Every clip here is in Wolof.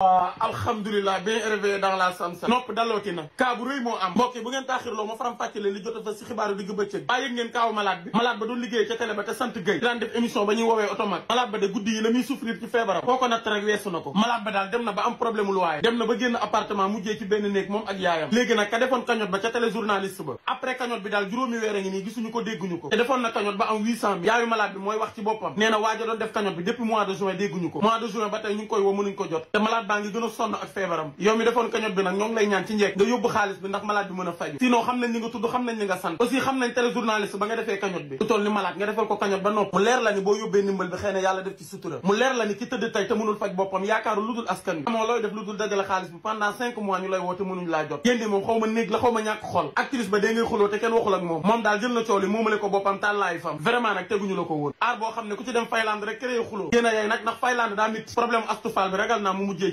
Ah, alhamdulilah bien réveillé dans la Samsam nopp dalooti na rëy moo am mbokk bu ngeen taaxirloo ma faram fàccale li jot fa si xibaaru digg bëccëg baa yëg ngeen kaaw malade bi malade ba doon liggéey ca télé ba te sant Gueye daan def émission ba ñuy woowee automate malade ba de guddi yi la muy souffrir ci feebaram koo ko natt rek weesu na ko malade ba daal dem na ba am problème waaye dem na ba génn appartement mujjee ci benn néeg moom baa ngi gën a sonn ak feebaram yow mi defoon kañot bi nag ñoo ngi lay ñaan ci njekk nga yóbbu xaalis bi ndax malade bi mën a faju bi lu mu leer ci sutura mu leer xaalis bi pendant cinq mois ñu lay la ko woon aar boo xam ne ku ci dem Finlande rek créé xuloo yéen a yay nag ndax Finlande daa mit problème astufaal bi ragal naa mu mujjee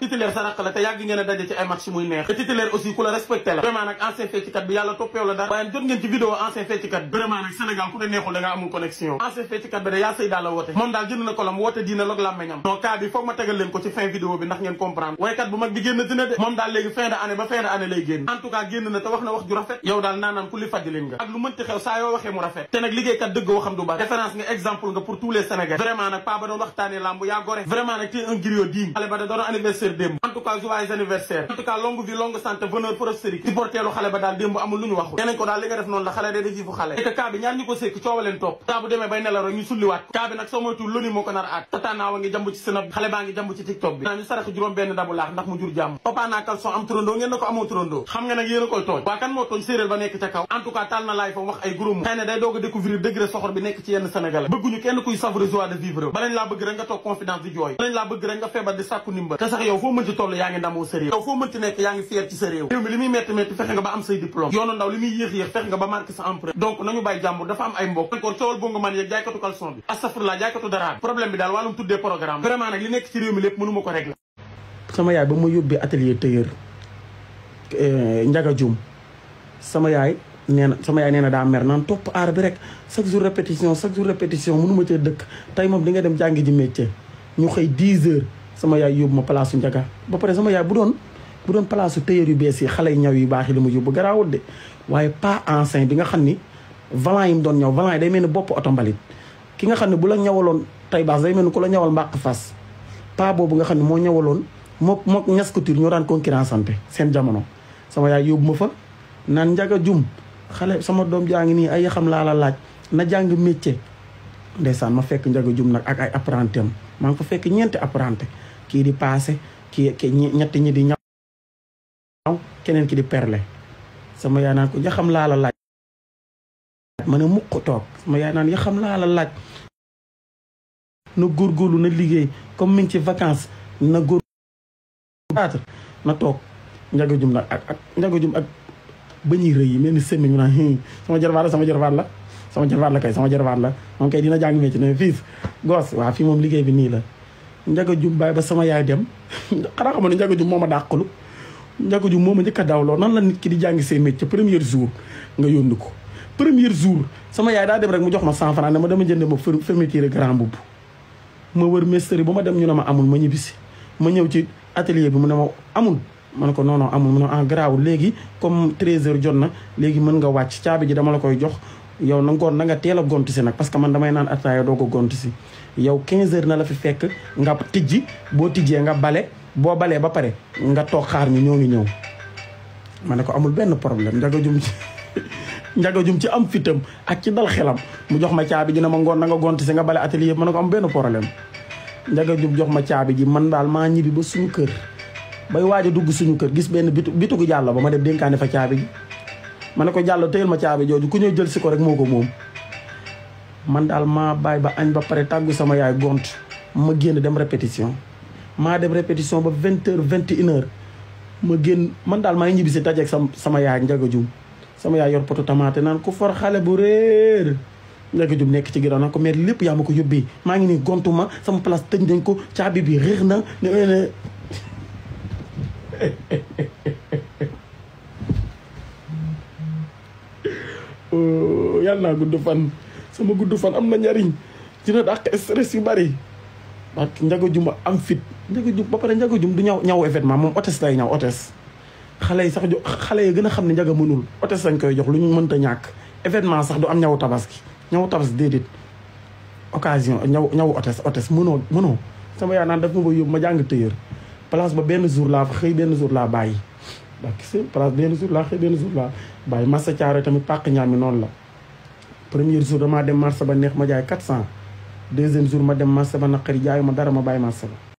titulaire sa raq la te yàgg ngeen daje ci ay match muy neex te titulaire aussi ku la respecté la vraiment nag ancien feccikat ci vidéo bi vraiment nag la woote moom daal jënd na kolam woote diina loog làmmeñam non cas bi foog ma tegal leen ko ci fin vidéo bi ndax ngeen comprendre waykat bu mag bi génn dina de moom daal léegi fin de année ba fin de année lay génn en génn na te wax na wax ju rafet yow daal naanaan ku li fajjlin nga ak lu mënti xew anniversaire démb en tout anniversaire en tout cas longue vie longue santé bonheur prospérité si porteelu xale ba daal démb amul lu ñu waxul nee ko daal li nga def noonu la xale de def fu xale te ngi jamb ci sinab bi bi naa ñu sarax juróom benn dabu laax ndax mu jur jàmm papaanaa kalson am turandoo ngeen na ko amoo turandoo xam nga nag koy tooñ waa kan moo tooñ séeréer ba nekk ca kaw en tout na laay fa wax ay groupe xëy na day doog a découvrir degré soxor foo mënti toll yaa ngi ndamoo sa réew yow foo mënti nekk yaa ngi fier ci sa réew réew mi li muy metti metti fexe nga ba am say diplôme yoonu ndaw li muy yéex yéex fexe nga ba marqué sa empreinte donc nañu bàyyi jàmbur dafa am ay mbokk encore coowal nag li nekk ci réew mi lépp mënu ma ko régler sama yaay ba ma yóbbee atelier tailleur euh, njaga jum sama yaay nee na sama yaay nee daa mer naan topp aar bi rek chaque jour répétition chaque jour répétition mënu ma cee dëkk tey moom di nga dem jàngi ji métier ñu xëy 10 heures sama yaay yóbbu ma place su njaga ba pare sama yaay bu doon bu doon place su tailleur yu bees yi xale ñaw yu baax yi li ma yóbbu garaawul de waaye pas enceinte bi nga xam ni valant yi mu doon ñaw valant yi day mel ni bopp oto mbalit ki nga xam ne bu la ñawaloon tay baas mel ni ku la ñawal mbàq fas pas boobu nga xam ne moo ñawaloon moo moo ñas couture ñoo daan concurrence ante seen jamono sama yaay yóbbu ma fa naan njaga jum xale sama doom jaa ngi nii ay xam laa la laaj na jàng métier ndaysan ma fekk njaga jum nak ak ay apprentem ma nga fa fekk ñent apprenté ki di passé ki ñett ñi di ñaw keneen ki di perle sama yaana ko ja ya xam la laaj ma mukk tok sama yaana ya xam la la laaj na góorgóorlu na liggéey comme mi ci vacances na góor na tok njaga jum nak ak ak jum ak bañi reuy melni semi ñu na sama sama sama jarbaat la kay sama jarbaat la moom kay dina jàng métier ne fiis goos waaw fii moom liggéey bi nii la njaga jum bàyyi ba sama yaay dem xanaa xam ne njaga jum moom a dàqalu njaga jum moom a njëkk a dawloo nan la nit ki di jàng seen métier premier jour nga yónni ko premier jour sama yaay daa dem rek mu jox ma cent franc ne ma dama jënd ma fermeture grand boubou ma wër mestre ba ma dem ñu ne ma amul ma ñibbisi ma ñëw ci atelier bi mu ne ma amul ma ne ko non amul mu ne en ah, garaawul léegi comme 13 jot na léegi mën nga wàcc caabi ji dama la koy jox yow na ngoon na nga teel pas gontu si nag parce que man damay naan ataaya doo ko gontu yow 15 h na la fi fekk nga tijji bo tijjee nga bale bo balé ba paré nga tok xaar ñu ñogi ñew ñëw amul benn problème ndaga jum ci ndaga jum ci am fitam ak ci dal xelam mu jox ma caabi dina ma ngoon na nga gontu ci nga bale atelier ma ko am benn problème ndaga jum jox ma caabi ji man dal ma ñibi ba suñu kër bay waaj dugg suñu kër gis benn bitu gu jàll ba ma def denkané fa caabi ma ne ko jàll téyel ma caabi jooju ku ñëw jël si ko rek moo ko moom man daal maa baay ba añ ba pare tàggu sama yaay gont ma génn dem répétition maa dem répétition ba vingt heures vingt et une heures ma génn man daal maa ngi ñibbisi dajeeg sama yaay njaga jum sama yaay yor poto tamaate naan ku for xale bu réer njaga nekk ci ginnaaw naan ko mais lépp yaa ma ko yóbbee maa ngi nii gontu ma sama place tëj nañ ko caabi bi réer na ne Eh, yàlla naa gudd fan sama gudd fan am na njariñ dina dàq stress yu bari barke njago jum am fit njago jum ba pare njago jum du ñaw ñaw événement moom hôtesse lay ñaw hôtesse xale yi sax jo xale yi gën a xam ne njaga mënul hôtesse lañ koy jox lu mënta ñàkk événement sax du am ñawu tabaski ñawu tabas déedéet occasion ñaw ñawu hôtesse hôtesse mënoo mënoo sama yaa naan daf ma ba ma jàng tëyër place ba jour jour ndax seen place benn jour laa xëy benn jour laa bàyyi marché Thiaroye tamit pàq ñaami noonu la premier jour damaa dem marché ba neex ma jaay 400 deuxième jour ma dem marché ba naqari jaayu ma dara ma bàyyi marché ba